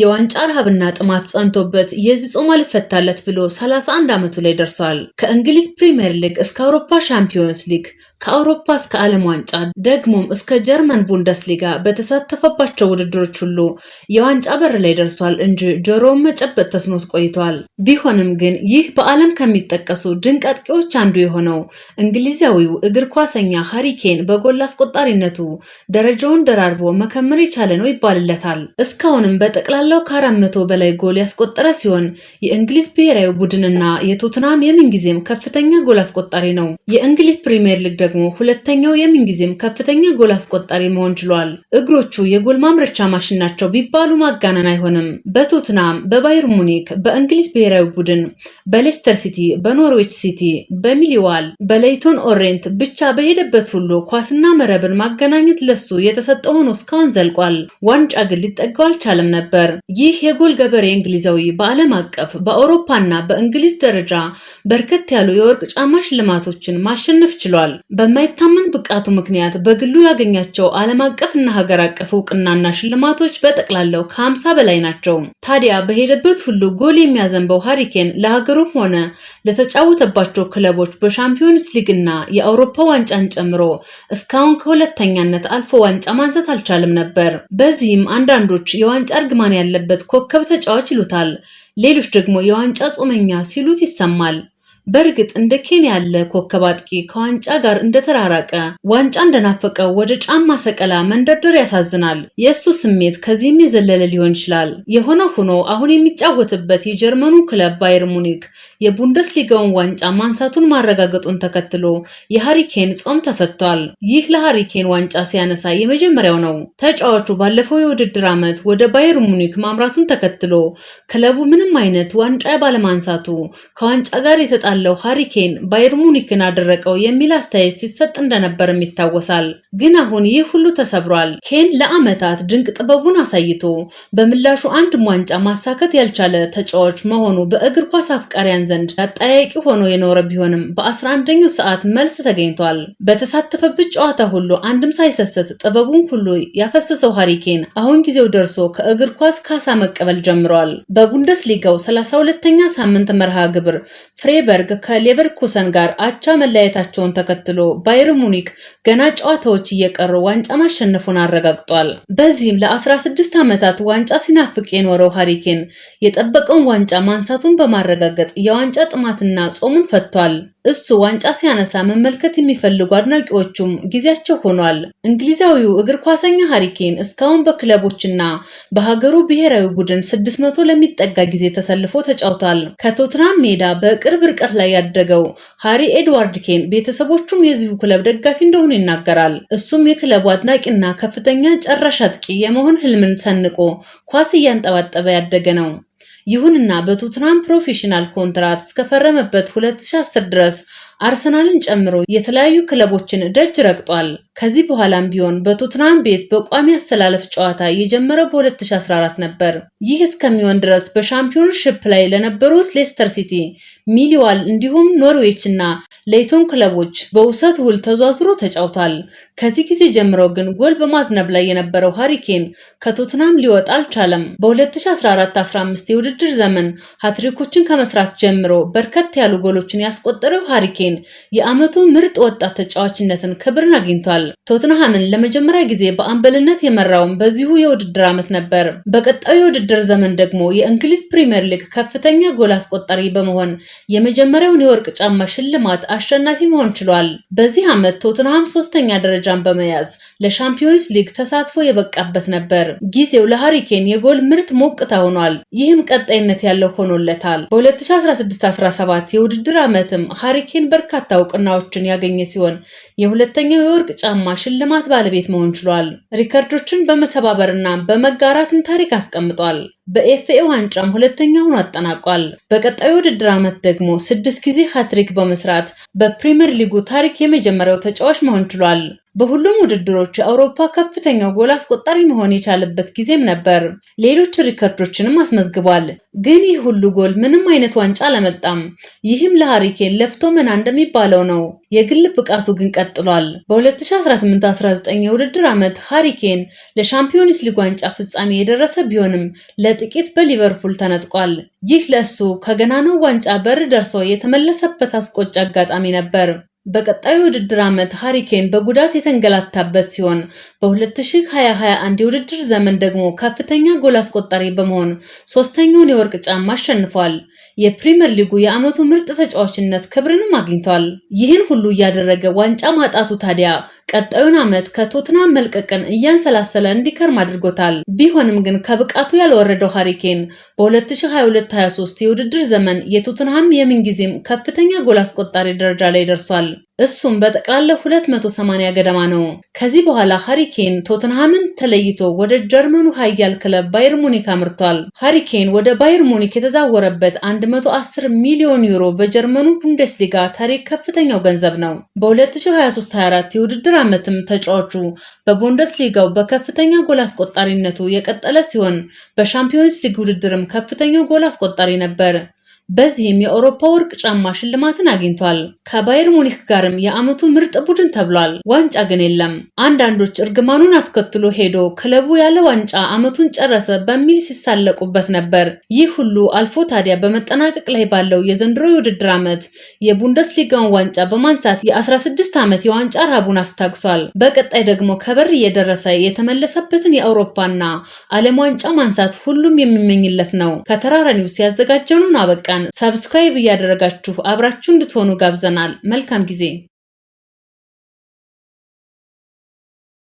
የዋንጫ ረሃብና ጥማት ጸንቶበት የዚህ ጾም አልፈታለት ብሎ 31 ዓመቱ ላይ ደርሷል። ከእንግሊዝ ፕሪምየር ሊግ እስከ አውሮፓ ሻምፒዮንስ ሊግ፣ ከአውሮፓ እስከ ዓለም ዋንጫ ደግሞም እስከ ጀርመን ቡንደስ ሊጋ በተሳተፈባቸው ውድድሮች ሁሉ የዋንጫ በር ላይ ደርሷል እንጂ ጆሮውን መጨበጥ ተስኖት ቆይቷል። ቢሆንም ግን ይህ በዓለም ከሚጠቀሱ ድንቅ አጥቂዎች አንዱ የሆነው እንግሊዛዊው እግር ኳሰኛ ሃሪኬን በጎል አስቆጣሪነቱ ደረጃውን ደራርቦ መከመር የቻለ ነው ይባልለታል። እስካሁንም በጠቅላ ካለው ከአራት መቶ በላይ ጎል ያስቆጠረ ሲሆን የእንግሊዝ ብሔራዊ ቡድንና የቶትናም የምንጊዜም ከፍተኛ ጎል አስቆጣሪ ነው። የእንግሊዝ ፕሪምየር ሊግ ደግሞ ሁለተኛው የምንጊዜም ከፍተኛ ጎል አስቆጣሪ መሆን ችሏል። እግሮቹ የጎል ማምረቻ ማሽን ናቸው ቢባሉ ማጋነን አይሆንም። በቶትናም፣ በባየር ሙኒክ፣ በእንግሊዝ ብሔራዊ ቡድን፣ በሌስተር ሲቲ፣ በኖርዌች ሲቲ፣ በሚሊዋል፣ በሌይቶን ኦሬንት ብቻ በሄደበት ሁሉ ኳስና መረብን ማገናኘት ለሱ የተሰጠ ሆኖ እስካሁን ዘልቋል። ዋንጫ ግን ሊጠጋው አልቻለም ነበር። ይህ የጎል ገበሬ እንግሊዛዊ በዓለም አቀፍ በአውሮፓና በእንግሊዝ ደረጃ በርከት ያሉ የወርቅ ጫማ ሽልማቶችን ማሸነፍ ችሏል። በማይታመን ብቃቱ ምክንያት በግሉ ያገኛቸው ዓለም አቀፍና ሀገር አቀፍ እውቅናና ሽልማቶች በጠቅላላው ከ50 በላይ ናቸው። ታዲያ በሄደበት ሁሉ ጎል የሚያዘንበው ሀሪኬን ለሀገሩም ሆነ ለተጫወተባቸው ክለቦች በሻምፒዮንስ ሊግና የአውሮፓ ዋንጫን ጨምሮ እስካሁን ከሁለተኛነት አልፎ ዋንጫ ማንሳት አልቻለም ነበር። በዚህም አንዳንዶች የዋንጫ እርግማን ቁርባን ያለበት ኮከብ ተጫዋች ይሉታል። ሌሎች ደግሞ የዋንጫ ጾመኛ ሲሉት ይሰማል። በእርግጥ እንደ ኬን ያለ ኮከብ አጥቂ ከዋንጫ ጋር እንደተራራቀ ዋንጫ እንደናፈቀው ወደ ጫማ ሰቀላ መንደርደር ያሳዝናል። የእሱ ስሜት ከዚህም የዘለለ ሊሆን ይችላል። የሆነ ሆኖ አሁን የሚጫወትበት የጀርመኑ ክለብ ባየር ሙኒክ የቡንደስሊጋውን ዋንጫ ማንሳቱን ማረጋገጡን ተከትሎ የሃሪኬን ጾም ተፈቷል። ይህ ለሃሪኬን ዋንጫ ሲያነሳ የመጀመሪያው ነው። ተጫዋቹ ባለፈው የውድድር ዓመት ወደ ባየር ሙኒክ ማምራቱን ተከትሎ ክለቡ ምንም አይነት ዋንጫ ባለማንሳቱ ከዋንጫ ጋር የተጣለው ሃሪኬን ባየር ሙኒክን አደረቀው የሚል አስተያየት ሲሰጥ እንደነበርም ይታወሳል። ግን አሁን ይህ ሁሉ ተሰብሯል። ኬን ለዓመታት ድንቅ ጥበቡን አሳይቶ በምላሹ አንድም ዋንጫ ማሳከት ያልቻለ ተጫዋች መሆኑ በእግር ኳስ አፍቃሪያን ዘንድ አጠያቂ ሆኖ የኖረ ቢሆንም በ11ኛው ሰዓት መልስ ተገኝቷል። በተሳተፈበት ጨዋታ ሁሉ አንድም ሳይሰሰት ጥበቡን ሁሉ ያፈሰሰው ሀሪኬን አሁን ጊዜው ደርሶ ከእግር ኳስ ካሳ መቀበል ጀምሯል። በቡንደስሊጋው 32ኛ ሳምንት መርሃ ግብር ፍሬበርግ ከሌቨርኩሰን ጋር አቻ መለያየታቸውን ተከትሎ ባየር ሙኒክ ገና ጨዋታዎች እየቀሩ ዋንጫ ማሸነፉን አረጋግጧል። በዚህም ለ16 ዓመታት ዋንጫ ሲናፍቅ የኖረው ሀሪኬን የጠበቀውን ዋንጫ ማንሳቱን በማረጋገጥ የዋ ዋንጫ ጥማትና ጾሙን ፈቷል። እሱ ዋንጫ ሲያነሳ መመልከት የሚፈልጉ አድናቂዎቹም ጊዜያቸው ሆኗል። እንግሊዛዊው እግር ኳሰኛ ሃሪኬን እስካሁን በክለቦችና በሀገሩ ብሔራዊ ቡድን 600 ለሚጠጋ ጊዜ ተሰልፎ ተጫውቷል። ከቶትናም ሜዳ በቅርብ ርቀት ላይ ያደገው ሃሪ ኤድዋርድ ኬን ቤተሰቦቹም የዚሁ ክለብ ደጋፊ እንደሆኑ ይናገራል። እሱም የክለቡ አድናቂና ከፍተኛ ጨራሽ አጥቂ የመሆን ህልምን ሰንቆ ኳስ እያንጠባጠበ ያደገ ነው። ይሁንና በቶትናም ፕሮፌሽናል ኮንትራት እስከፈረመበት 2010 ድረስ አርሰናልን ጨምሮ የተለያዩ ክለቦችን ደጅ ረግጧል። ከዚህ በኋላም ቢሆን በቶትናም ቤት በቋሚ አሰላለፍ ጨዋታ የጀመረው በ2014 ነበር። ይህ እስከሚሆን ድረስ በሻምፒዮንሽፕ ላይ ለነበሩት ሌስተር ሲቲ፣ ሚሊዋል እንዲሁም ኖርዌች እና ሌይቶን ክለቦች በውሰት ውል ተዟዝሮ ተጫውቷል። ከዚህ ጊዜ ጀምሮ ግን ጎል በማዝነብ ላይ የነበረው ሃሪኬን ከቶትናም ሊወጣ አልቻለም። በ2014-15 የውድድር ዘመን ሀትሪኮችን ከመስራት ጀምሮ በርከት ያሉ ጎሎችን ያስቆጠረው ሃሪኬን ኬን የዓመቱ ምርጥ ወጣት ተጫዋችነትን ክብርን አግኝቷል። ቶትንሃምን ለመጀመሪያ ጊዜ በአምበልነት የመራውም በዚሁ የውድድር ዓመት ነበር። በቀጣዩ የውድድር ዘመን ደግሞ የእንግሊዝ ፕሪምየር ሊግ ከፍተኛ ጎል አስቆጣሪ በመሆን የመጀመሪያውን የወርቅ ጫማ ሽልማት አሸናፊ መሆን ችሏል። በዚህ ዓመት ቶትንሃም ሶስተኛ ደረጃን በመያዝ ለሻምፒዮንስ ሊግ ተሳትፎ የበቃበት ነበር። ጊዜው ለሃሪኬን የጎል ምርት ሞቅታ ሆኗል። ይህም ቀጣይነት ያለው ሆኖለታል። በ2016/17 የውድድር ዓመትም ሃሪኬን በርካታ እውቅናዎችን ያገኘ ሲሆን የሁለተኛው የወርቅ ጫማ ሽልማት ባለቤት መሆን ችሏል። ሪከርዶችን በመሰባበርና በመጋራትም ታሪክ አስቀምጧል። በኤፍኤ ዋንጫም ሁለተኛውን አጠናቋል። በቀጣዩ ውድድር ዓመት ደግሞ ስድስት ጊዜ ሃትሪክ በመስራት በፕሪምየር ሊጉ ታሪክ የመጀመሪያው ተጫዋች መሆን ችሏል። በሁሉም ውድድሮች የአውሮፓ ከፍተኛ ጎል አስቆጣሪ መሆን የቻለበት ጊዜም ነበር። ሌሎች ሪከርዶችንም አስመዝግቧል። ግን ይህ ሁሉ ጎል ምንም አይነት ዋንጫ አላመጣም። ይህም ለሃሪኬን ለፍቶ መና እንደሚባለው ነው። የግል ብቃቱ ግን ቀጥሏል። በ2018/19 የውድድር ዓመት ሃሪኬን ለሻምፒዮንስ ሊግ ዋንጫ ፍጻሜ የደረሰ ቢሆንም ለጥቂት በሊቨርፑል ተነጥቋል። ይህ ለእሱ ከገናናው ዋንጫ በር ደርሶ የተመለሰበት አስቆጭ አጋጣሚ ነበር። በቀጣዩ ውድድር ዓመት ሃሪኬን በጉዳት የተንገላታበት ሲሆን በ 2021 የውድድር ዘመን ደግሞ ከፍተኛ ጎል አስቆጣሪ በመሆን ሶስተኛውን የወርቅ ጫማ አሸንፏል። የፕሪምየር ሊጉ የዓመቱ ምርጥ ተጫዋችነት ክብርንም አግኝቷል። ይህን ሁሉ እያደረገ ዋንጫ ማጣቱ ታዲያ ቀጣዩን ዓመት ከቶትናም መልቀቅን እያንሰላሰለ እንዲከርም አድርጎታል። ቢሆንም ግን ከብቃቱ ያልወረደው ሃሪኬን በ2022/23 የውድድር ዘመን የቶትንሃም የምንጊዜም ከፍተኛ ጎል አስቆጣሪ ደረጃ ላይ ደርሷል። እሱም በጠቅላላው 280 ገደማ ነው። ከዚህ በኋላ ሃሪኬን ቶተንሃምን ተለይቶ ወደ ጀርመኑ ኃያል ክለብ ባየር ሙኒክ አምርቷል። ሃሪኬን ወደ ባየር ሙኒክ የተዛወረበት 110 ሚሊዮን ዩሮ በጀርመኑ ቡንደስሊጋ ታሪክ ከፍተኛው ገንዘብ ነው። በ2023/24 የውድድር ዓመትም ተጫዋቹ በቡንደስሊጋው በከፍተኛ ጎል አስቆጣሪነቱ የቀጠለ ሲሆን በሻምፒዮንስ ሊግ ውድድርም ከፍተኛው ጎል አስቆጣሪ ነበር። በዚህም የአውሮፓ ወርቅ ጫማ ሽልማትን አግኝቷል። ከባየር ሙኒክ ጋርም የዓመቱ ምርጥ ቡድን ተብሏል። ዋንጫ ግን የለም። አንዳንዶች እርግማኑን አስከትሎ ሄዶ ክለቡ ያለ ዋንጫ ዓመቱን ጨረሰ በሚል ሲሳለቁበት ነበር። ይህ ሁሉ አልፎ ታዲያ በመጠናቀቅ ላይ ባለው የዘንድሮ የውድድር ዓመት የቡንደስሊጋውን ዋንጫ በማንሳት የ16 ዓመት የዋንጫ ረሃቡን አስታግሷል። በቀጣይ ደግሞ ከበር እየደረሰ የተመለሰበትን የአውሮፓና ዓለም ዋንጫ ማንሳት ሁሉም የሚመኝለት ነው። ከተራራ ኒውስ ያዘጋጀነውን አበቃ። አበቃን። ሰብስክራይብ እያደረጋችሁ አብራችሁ እንድትሆኑ ጋብዘናል። መልካም ጊዜ